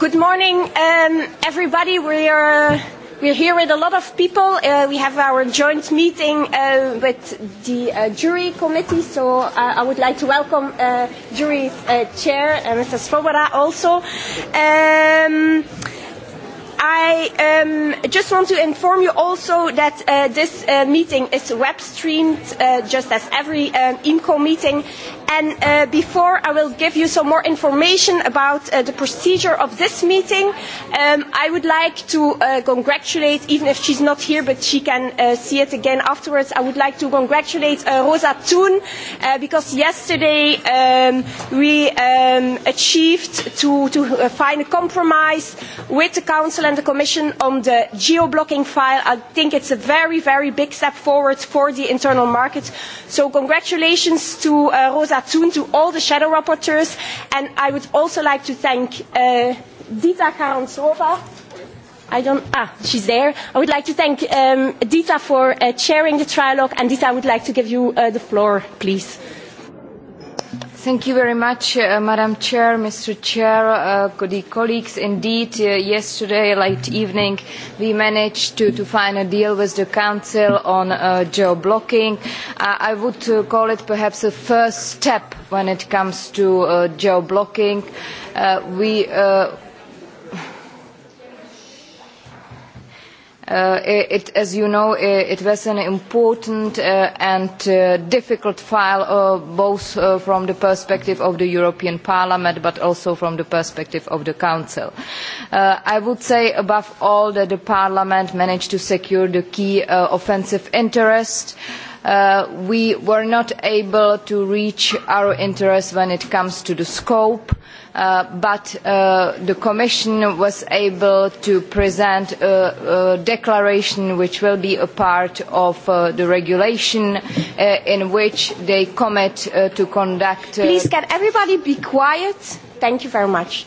Good morning, everybody. We are we're here with a lot of people. We have our joint meeting with the jury committee, so I would like to welcome jury's chair, Mr. Svoboda, also. I just want to inform you also that this meeting is web streamed, just as every IMCO meeting And before I will give you some more information about the procedure of this meeting, I would like to congratulate, even if she is not here, but she can see it again afterwards, I would like to congratulate Rosa Thun, because yesterday we achieved to find a compromise with the Council and the Commission on the geo-blocking file. I think it's a very, very big step forward for the internal market. So congratulations to Rosa to all the shadow rapporteurs. And I would also like to thank Dita Karantsova. I don't, ah, she's there. I would like to thank Dita for chairing the trilogue. And Dita, I would like to give you the floor, please. Thank you very much, Madam Chair, Mr. Chair, colleagues. Indeed, yesterday late evening we managed to find a deal with the Council on geo-blocking. I would call it perhaps a first step when it comes to geo-blocking. We As you know, it was an important and difficult file, both from the perspective of the European Parliament, but also from the perspective of the Council. I would say, above all, that the Parliament managed to secure the key offensive interest. We were not able to reach our interest when it comes to the scope but the Commission was able to present a declaration which will be a part of the regulation in which they commit to conduct. Please can everybody be quiet? Thank you very much.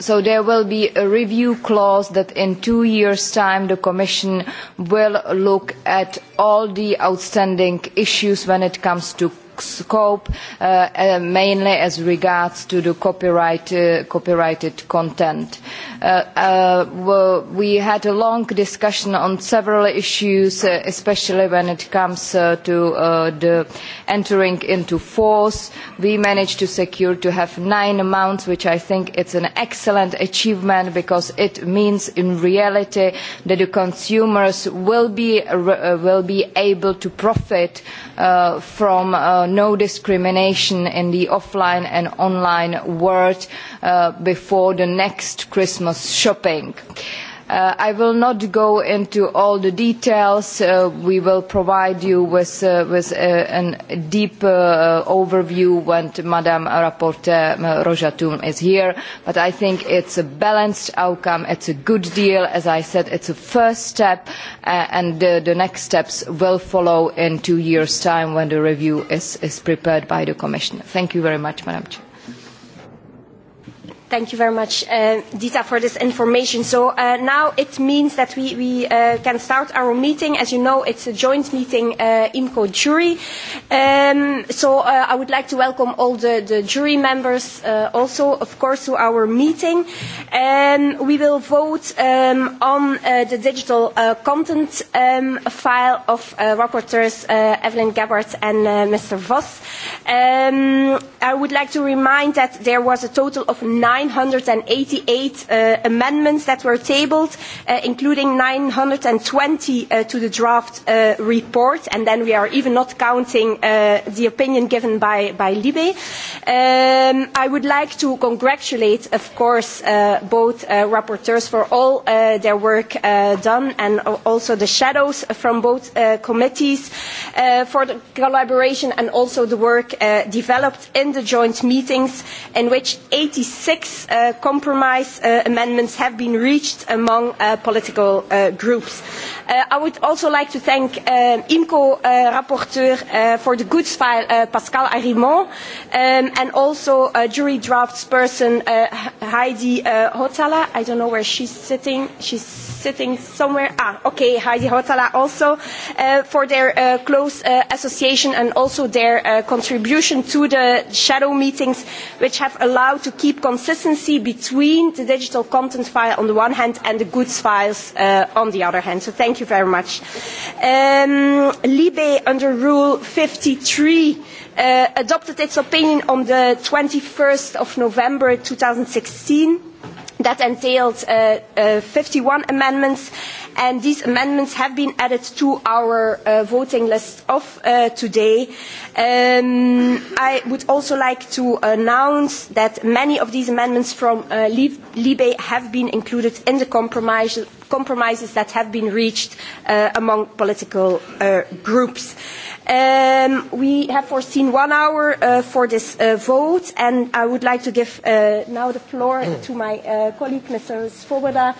So there will be a review clause that in two years' time the Commission will look at all the outstanding issues when it comes to scope, mainly as regards to the copyrighted content. We had a long discussion on several issues, especially when it comes to the entering into force. We managed to secure to have nine amounts, which I think is an excellent achievement because it means in reality that the consumers will be able to profit from no discrimination in the offline and online world before the next Christmas shopping. I will not go into all the details. We will provide you with a deep overview when Madame Rapporteur Rojatoum is here. But I think it's a balanced outcome. It's a good deal. As I said, it's a first step, and the next steps will follow in two years' time when the review is prepared by the Commission. Thank you very much, Madam Chair. Thank you very much, Dita, for this information. So now it means that we can start our meeting. As you know, it's a joint meeting, IMCO jury. So I would like to welcome all the jury members also, of course, to our meeting. We will vote on the digital content file of rapporteurs Evelyn Gabbard and Mr. Voss. I would like to remind that there was a total of nine 988 amendments that were tabled, including 920 to the draft report, and then we are even not counting the opinion given by Libe. I would like to congratulate, of course, both rapporteurs for all their work done, and also the shadows from both committees for the collaboration and also the work developed in the joint meetings in which 86 compromise amendments have been reached among political groups. I would also like to thank IMCO rapporteur for the goods file, Pascal Arimont, and also jury person Heidi Hotala. I don't know where she's sitting. She's sitting somewhere. Ah, okay, Heidi Hautala also for their close association and also their contribution to the shadow meetings, which have allowed to keep consistency between the digital content file on the one hand and the goods files on the other hand. So thank you very much. Libe under Rule 53 adopted its opinion on the 21st of November 2016 That entailed 51 amendments, and these amendments have been added to our voting list of today. I would also like to announce that many of these amendments from LIBE have been included in the compromises that have been reached among political groups. We have foreseen one hour for this vote, and I would like to give now the floor to my colleague, Mr. Svoboda,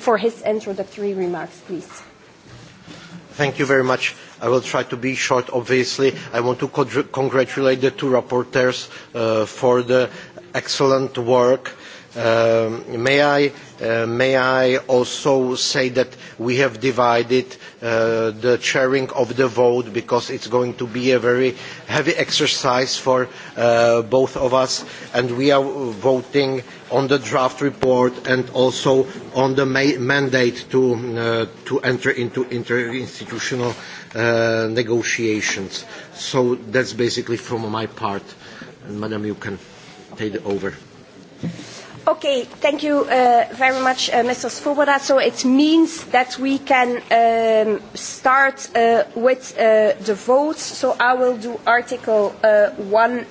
for his introductory remarks, please. Thank you very much. I will try to be short, obviously. I want to congratulate the two rapporteurs for the excellent work May I also say that we have divided the chairing of the vote because it's going to be a very heavy exercise for both of us and we are voting on the draft report and also on the mandate to enter into interinstitutional negotiations. So that's basically from my part. Madam, you can take over. Okay, thank you very much, Mr. Svoboda. So it means that we can start with the votes. So I will do Article 1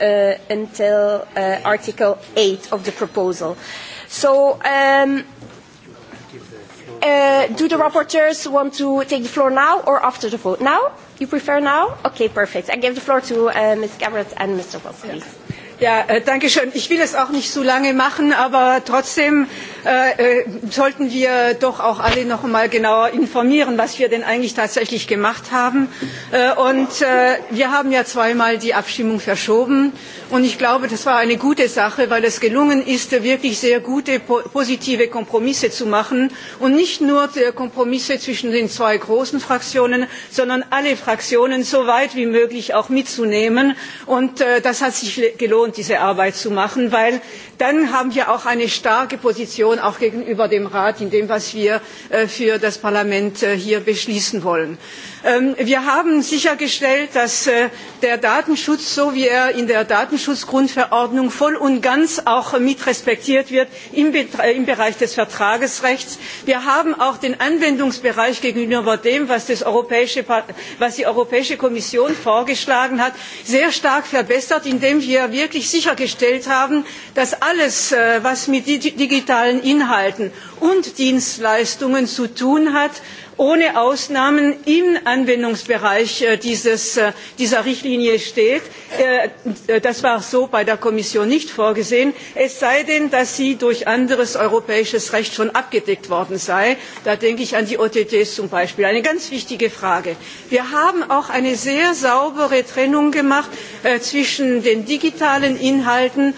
until Article 8 of the proposal. So do the rapporteurs want to take the floor now or after the vote? Now? You prefer now? Okay, perfect. I give the floor to Ms. Gabbard and Mr. Wolf, please danke schön. Ich will es auch nicht so lange machen, aber trotzdem sollten wir doch auch alle noch einmal genauer informieren was wir denn eigentlich tatsächlich gemacht haben. wir haben ja zweimal die abstimmung verschoben und ich glaube das war eine gute sache weil es gelungen ist wirklich sehr gute positive kompromisse zu machen und nicht nur kompromisse zwischen den zwei großen fraktionen sondern alle fraktionen so weit wie möglich auch mitzunehmen. und das hat sich gelohnt diese arbeit zu machen weil dann haben wir auch eine starke position kommission auch gegenüber dem rat in dem was wir für das parlament hier beschließen wollen wir haben sichergestellt dass der datenschutz so wie er in der datenschutzgrundverordnung voll und ganz auch mit respektiert wird im bereich des vertragsrechts. wir haben auch den anwendungsbereich gegenüber dem was die europäische kommission vorgeschlagen hat sehr stark verbessert indem wir wirklich sichergestellt haben dass alles was mit digitalen inhalten und dienstleistungen zu tun hat ohne ausnahmen im anwendungsbereich dieser richtlinie steht. das war so bei der kommission nicht vorgesehen es sei denn dass sie durch anderes europäisches recht schon abgedeckt worden sei da denke ich an die OTTs zum beispiel eine ganz wichtige frage. wir haben auch eine sehr saubere trennung gemacht zwischen den digitalen inhalten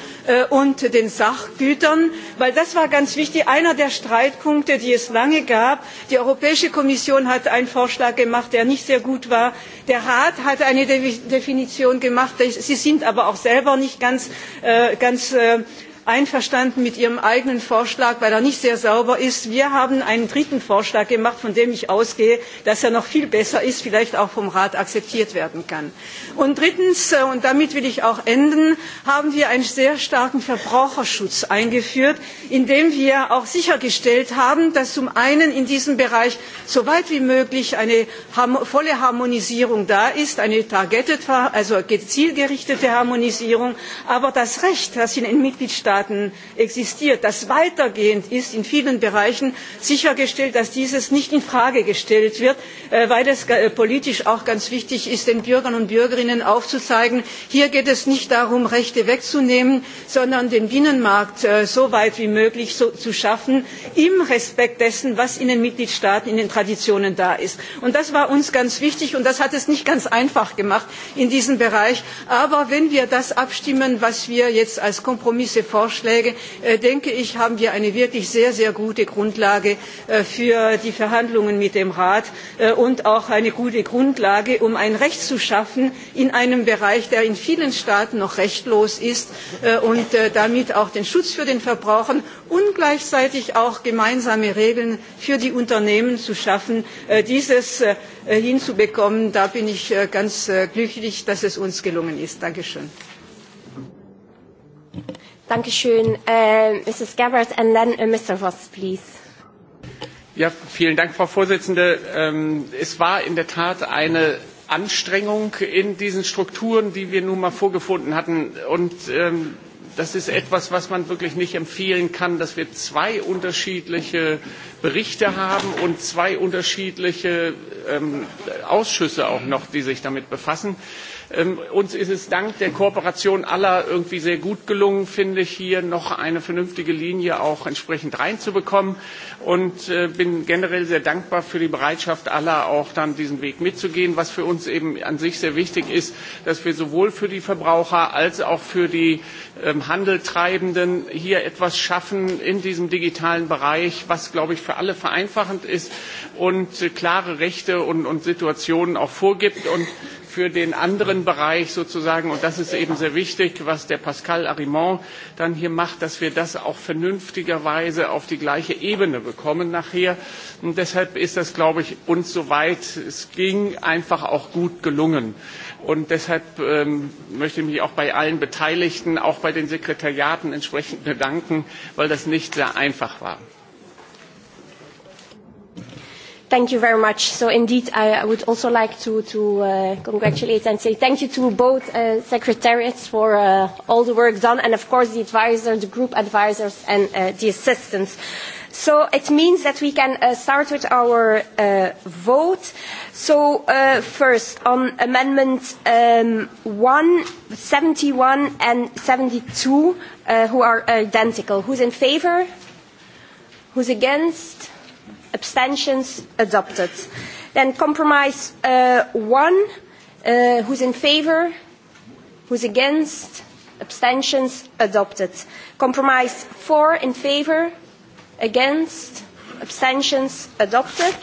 und den sachgütern weil das war ganz wichtig einer der streitpunkte die es lange gab die europäische kommission hat einen vorschlag gemacht der nicht sehr gut war der rat hat eine definition gemacht sie sind aber auch selber nicht ganz einverstanden mit ihrem eigenen vorschlag weil er nicht sehr sauber ist. wir haben einen dritten vorschlag gemacht von dem ich ausgehe dass er noch viel besser ist vielleicht auch vom rat akzeptiert werden kann. und drittens und damit will ich auch enden haben wir einen sehr starken verbraucherschutz eingeführt indem wir auch sichergestellt haben dass zum einen in diesem bereich so weit wie möglich eine volle harmonisierung da ist eine targeted also zielgerichtete harmonisierung aber das recht das in den mitgliedstaaten existiert das weitergehend ist in vielen bereichen sichergestellt dass dies nicht in frage gestellt wird weil es politisch auch ganz wichtig ist den bürgern und bürgerinnen aufzuzeigen hier geht es nicht darum rechte wegzunehmen sondern den binnenmarkt so weit wie möglich zu schaffen im respekt dessen was in den mitgliedstaaten in den traditionen da ist. das war uns ganz wichtig und das hat es nicht ganz einfach gemacht in diesem bereich. aber wenn wir das abstimmen was wir jetzt als kompromisse vorschläge denke ich haben wir eine wirklich sehr sehr gute grundlage für die verhandlungen mit dem rat und auch eine gute grundlage um ein recht zu schaffen in einem bereich der in vielen staaten noch rechtlos ist und damit auch den schutz für den verbraucher und gleichzeitig auch gemeinsame regeln für die unternehmen zu schaffen dieses hinzubekommen da bin ich ganz glücklich dass es uns gelungen ist. danke schön! Frau Präsidentin. Es war in der Tat eine Anstrengung in diesen Strukturen, die wir nun mal vorgefunden hatten. Und das ist etwas, was man wirklich nicht empfehlen kann, dass wir zwei unterschiedliche Berichte haben und zwei unterschiedliche Ausschüsse auch noch, die sich damit befassen Uns ist es dank der Kooperation aller irgendwie sehr gut gelungen, finde ich, hier noch eine vernünftige Linie auch entsprechend reinzubekommen und bin generell sehr dankbar für die Bereitschaft aller, auch dann diesen Weg mitzugehen, was für uns eben an sich sehr wichtig ist, dass wir sowohl für die Verbraucher als auch für die Handeltreibenden hier etwas schaffen in diesem digitalen Bereich, was, glaube ich, für alle vereinfachend ist und klare Rechte und Situationen auch vorgibt. Und für den anderen Bereich sozusagen, und das ist eben sehr wichtig, was der Pascal Arimont dann hier macht, dass wir das auch vernünftigerweise auf die gleiche Ebene bekommen nachher. Und deshalb ist das, glaube ich, uns soweit es ging, einfach auch gut gelungen. Und deshalb möchte ich mich auch bei allen Beteiligten, auch bei den Sekretariaten entsprechend bedanken, weil das nicht sehr einfach war. Thank you very much. So indeed, I would also like to congratulate and say thank you to both secretariats for all the work done, and of course the advisors, the group advisors, and the assistants. So it means that we can start with our vote. So first on amendment 1, 71 and 72, who are identical. Who's in favour? Who's against? abstentions adopted then compromise one who's in favor who's against abstentions adopted compromise four in favor against abstentions adopted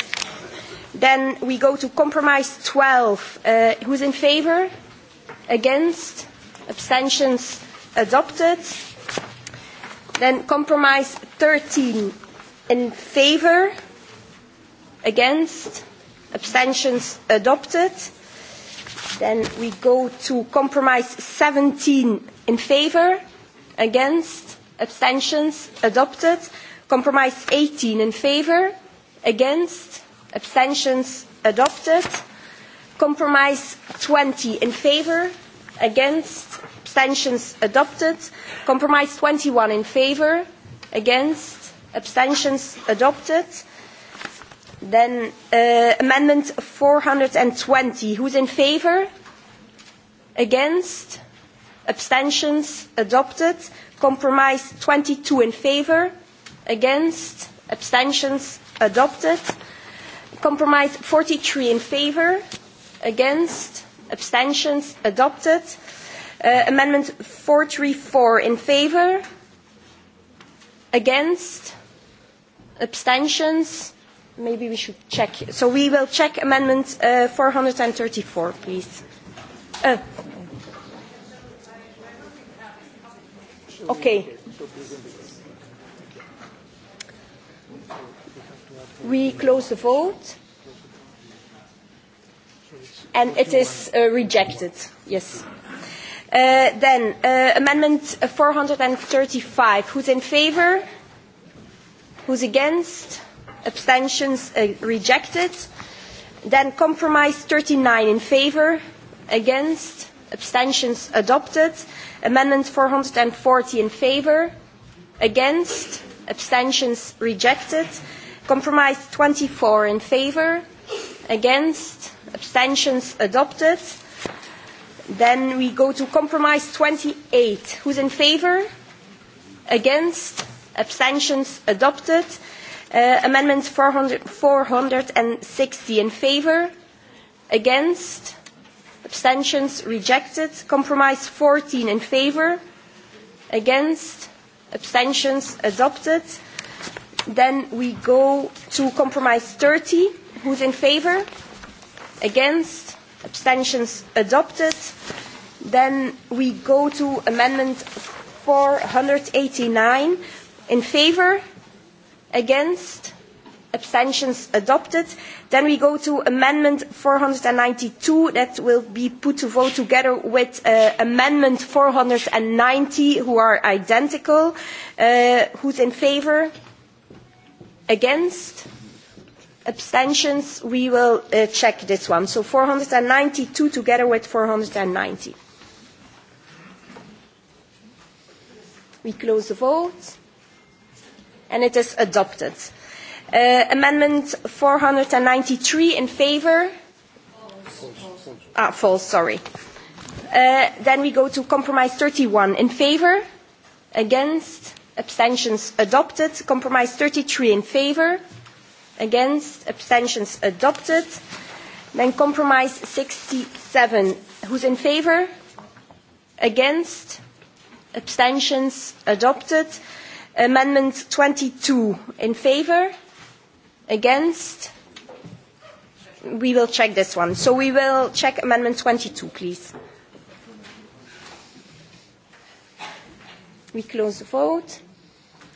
then we go to compromise 12 who's in favor against abstentions adopted then compromise 13 in favor against abstentions adopted then we go to compromise 17 in favor against abstentions adopted compromise 18 in favor against abstentions adopted compromise 20 in favor against abstentions adopted compromise 21 in favor against abstentions adopted Then amendment 420. Who's in favour? Against? Abstentions? Adopted. Compromise 22 in favour. Against? Abstentions? Adopted. Compromise 43 in favour. Against? Abstentions? Adopted. Amendment 434 in favour. Against? Abstentions? maybe we should check. So we will check amendment 434, please. Okay. We close the vote. And it is rejected. Yes. Then, amendment 435. Who's in favor? Who's against? abstentions rejected. Then compromise 39 in favour, against, abstentions adopted. Amendment 440 in favour, against, abstentions rejected. Compromise 24 in favour, against, abstentions adopted. Then we go to compromise 28. Who's in favour? Against, abstentions adopted. Amendment 460 in favor, against, abstentions rejected. Compromise 14 in favor, against, abstentions adopted. Then we go to compromise 30. Who's in favor? Against? Abstentions adopted. Then we go to amendment 489. In favor? against abstentions adopted then we go to amendment 492 that will be put to vote together with amendment 490 who are identical who's in favor against abstentions we will check this one so 492 together with 490 we close the vote and it is adopted. Amendment 493 in favour. Ah, false, sorry. Then we go to compromise 31 in favour, against, abstentions adopted. Compromise 33 in favour, against, abstentions adopted. Then compromise 67, who's in favour, against, abstentions adopted. Amendment 22 in favor, against. We will check this one. So we will check Amendment 22, please. We close the vote,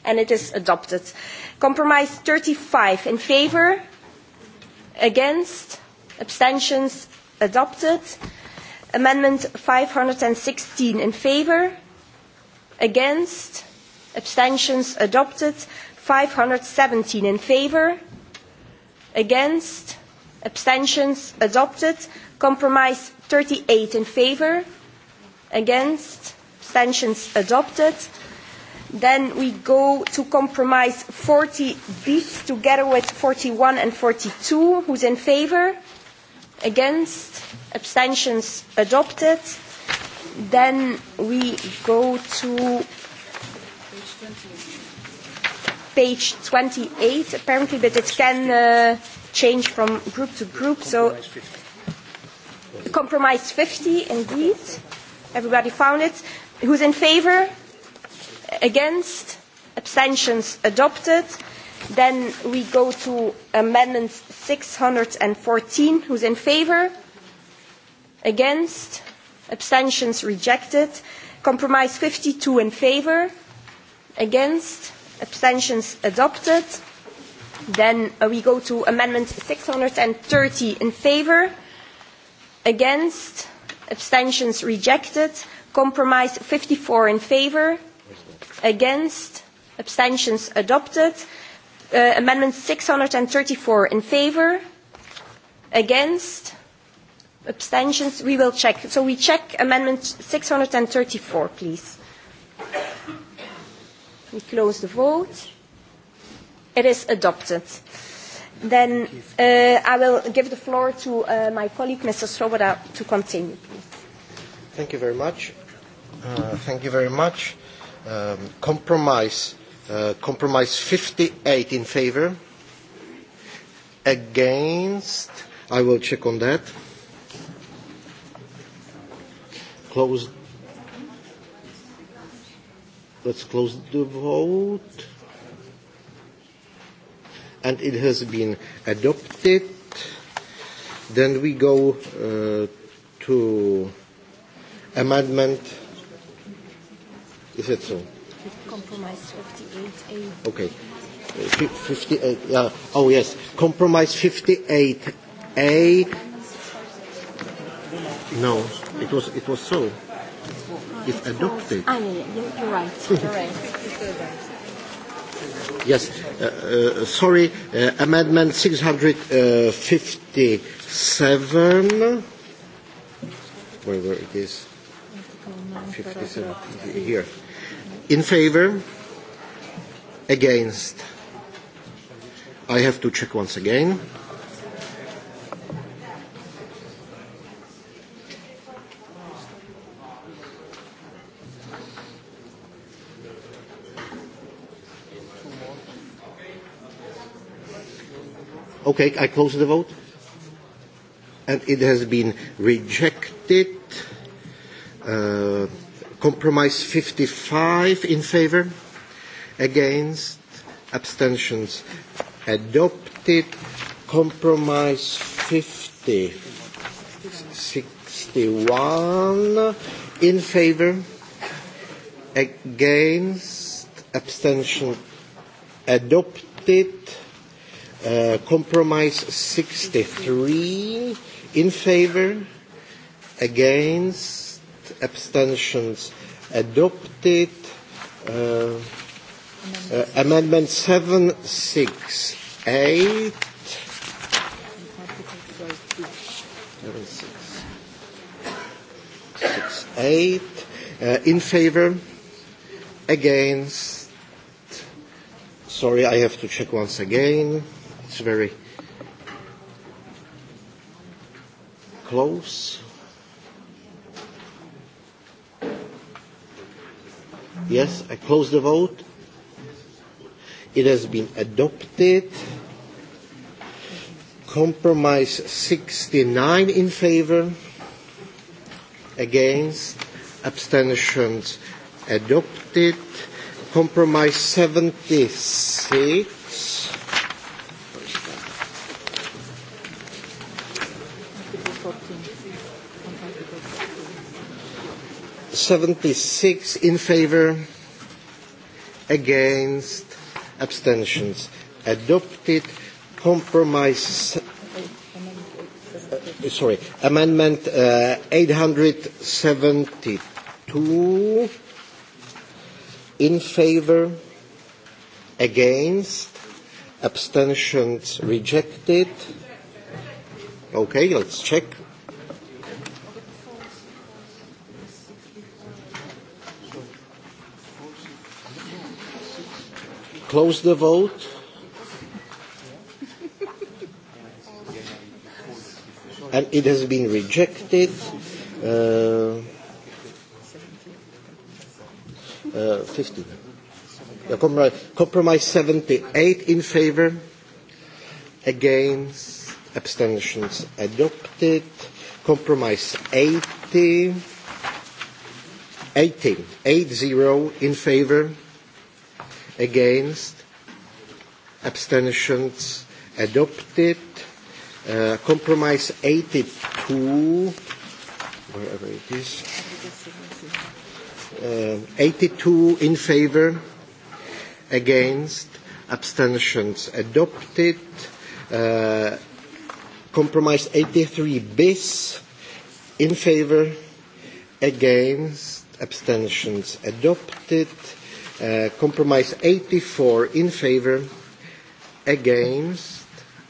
and it is adopted. Compromise 35 in favor, against, abstentions adopted. Amendment 516 in favor, against abstentions adopted 517 in favor against abstentions adopted compromise 38 in favor against abstentions adopted then we go to compromise 40 bis together with 41 and 42 who's in favor against abstentions adopted then we go to page 28, apparently, but it can change from group to group. So compromise 50, indeed. Everybody found it. Who's in favor? Against? Abstentions adopted. Then we go to amendment 614. Who's in favor? Against? Abstentions rejected. Compromise 52 in favor. Against? abstentions adopted. Then we go to amendment 630 in favor, against, abstentions rejected. Compromise 54 in favor, against, abstentions adopted. Amendment 634 in favor, against, abstentions. We will check. So we check amendment 634, please. We close the vote. It is adopted. Then I will give the floor to my colleague, Mr. Sroboda, to continue. Thank you very much. Thank you very much. Compromise, compromise 58 in favor. Against, I will check on that. Close Let's close the vote. And it has been adopted. Then we go to amendment. Is it so? Compromise 58A. Okay. 58. Oh yes. Compromise 58A. No, it was it was so is adopted. You're right. Yes, sorry, amendment 657. Wherever it is. 57. Here. In favor? Against? I have to check once again. Okay, I close the vote. And it has been rejected. Compromise 55 in favor, against, abstentions adopted. Compromise 50, 61 in favor, against, abstention adopted. Compromise 63 in favor, against, abstentions adopted. Amendment 7, 768 8. Eight in favor, against. Sorry, I have to check once again. It's very close. Yes, I close the vote. It has been adopted. Compromise 69 in favor, against, abstentions adopted. Compromise 76 76 in favor against abstentions adopted compromise sorry amendment 872 in favor against abstentions rejected okay let's check close the vote. And it has been rejected. Uh, uh, 15. Compromise 78 in favor. Against. Abstentions adopted. Compromise 80. 18. 8-0 in favor against abstentions adopted compromise 82 wherever it is 82 in favor against abstentions adopted compromise 83 bis in favor against abstentions adopted Compromise 84 in favor, against,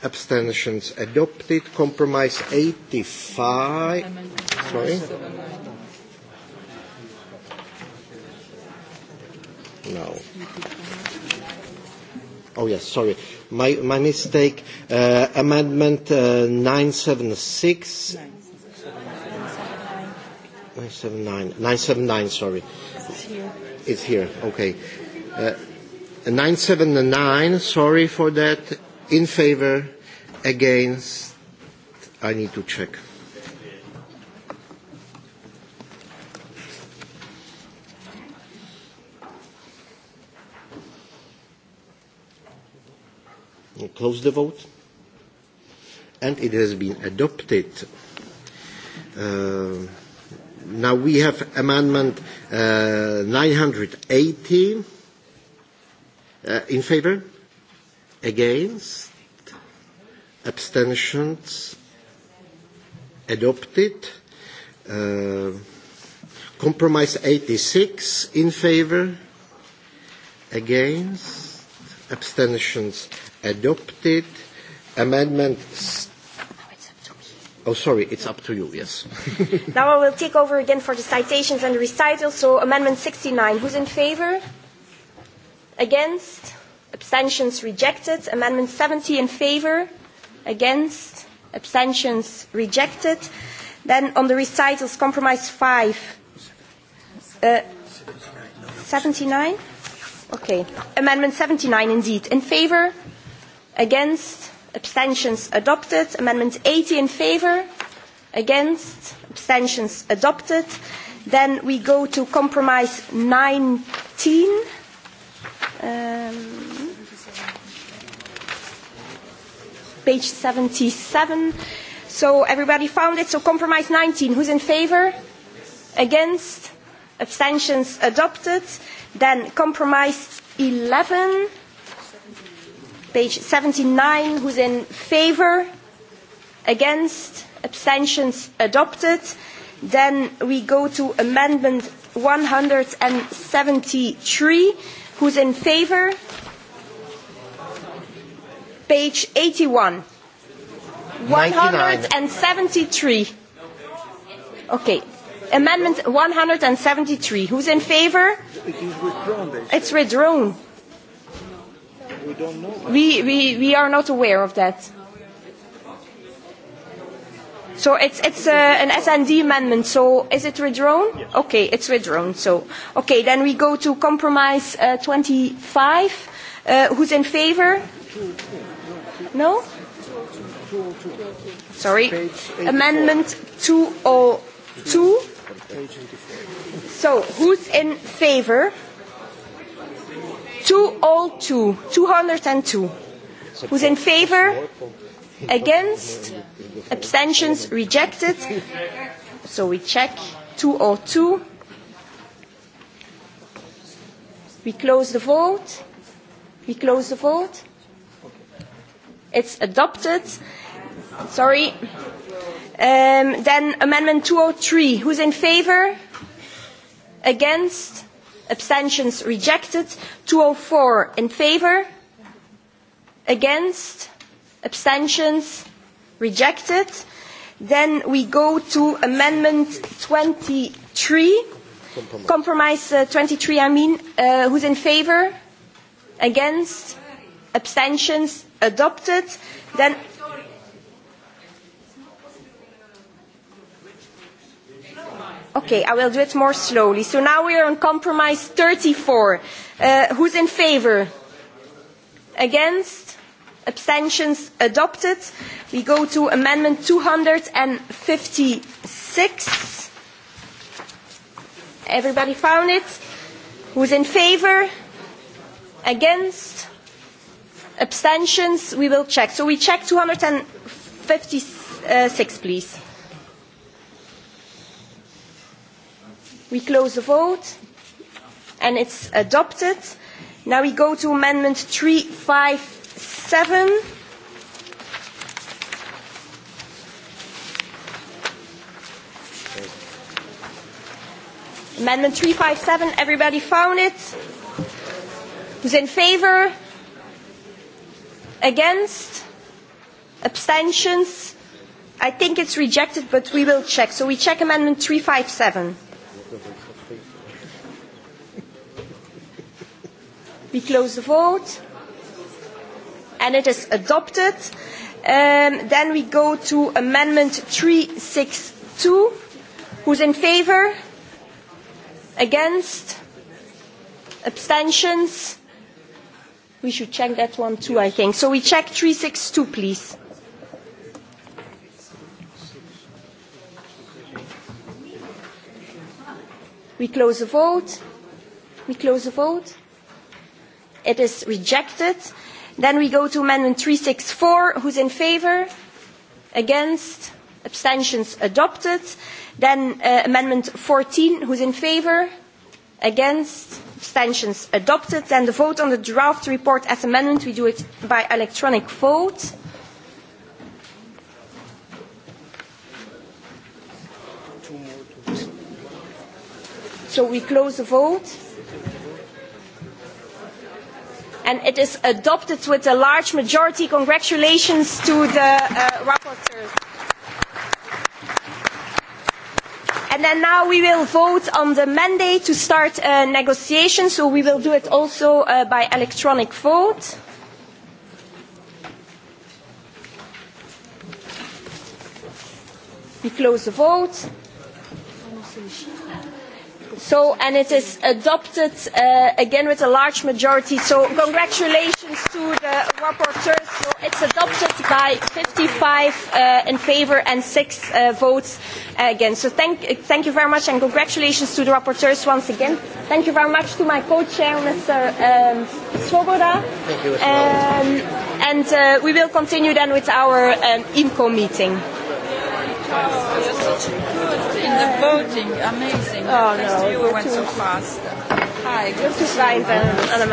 abstentions adopted. Compromise 85. Sorry. No. Oh yes, sorry. My my mistake. Amendment 976. 979. 979. Sorry. It's here. Okay. 979, sorry for that. In favor, against. I need to check. Close the vote. And it has been adopted. Now we have amendment 980 in favor, against, abstentions, adopted. Compromise 86 in favor, against, abstentions, adopted. Amendment Oh, sorry, it's up to you, yes. now I will take over again for the citations and the recitals. So Amendment 69, who's in favor? Against? Abstentions rejected. Amendment 70 in favor? Against? Abstentions rejected. Then on the recitals, compromise 5. Uh, 79? Okay. Amendment 79 indeed. In favor? Against? abstentions adopted amendment 80 in favor against abstentions adopted then we go to compromise 19 page 77 so everybody found it so compromise 19 who's in favor against abstentions adopted then compromise 11 page 79 who's in favour, against abstentions adopted then we go to amendment 173 who's in favour. page 81 173 okay amendment 173 who's in favor it's withdrawn We, we, we are not aware of that. So it's, it's an SND amendment. So is it withdrawn? Okay, it's withdrawn. So okay, then we go to compromise uh, 25. who's in favor? No. Sorry. Amendment 202. So who's in favour? 202. 202. Who's in favor? Against? Abstentions rejected. So we check 202. We close the vote. We close the vote. It's adopted. Sorry. Then amendment 203. Who's in favor? Against? abstentions rejected 204 in favor against abstentions rejected then we go to amendment 23 compromise 23 i mean who's in favor against abstentions adopted then Okay, I will do it more slowly. So now we are on compromise 34. Who's in favor? Against? Abstentions adopted. We go to amendment 256. Everybody found it? Who's in favor? Against? Abstentions? We will check. So we check 256, please. We close the vote. And it's adopted. Now we go to Amendment 357. Amendment 357, everybody found it? Who's in favour? Against? Abstentions? I think it's rejected, but we will check. So we check Amendment 357. We close the vote. And it is adopted. Then we go to Amendment 362. Who's in favour? Against? Abstentions? We should check that one too, I think. So we check 362, please. We close the vote. We close the vote it is rejected. Then we go to amendment 364. Who's in favor? Against? Abstentions adopted. Then amendment 14. Who's in favor? Against? Abstentions adopted. Then the vote on the draft report as amendment. We do it by electronic vote. So we close the vote and it is adopted with a large majority. Congratulations to the rapporteurs. And then now we will vote on the mandate to start negotiations, so we will do it also by electronic vote. We close the vote. So, and it is adopted again with a large majority. So, congratulations to the rapporteurs. So, it's adopted by 55 in favour and six votes against. So, thank you very much and congratulations to the rapporteurs once again. Thank you very much to my co-chair, Mr. Svoboda. And we will continue then with our IMCO meeting in the voting. Amazing. Oh, no. You went so fast. Hi. Good to find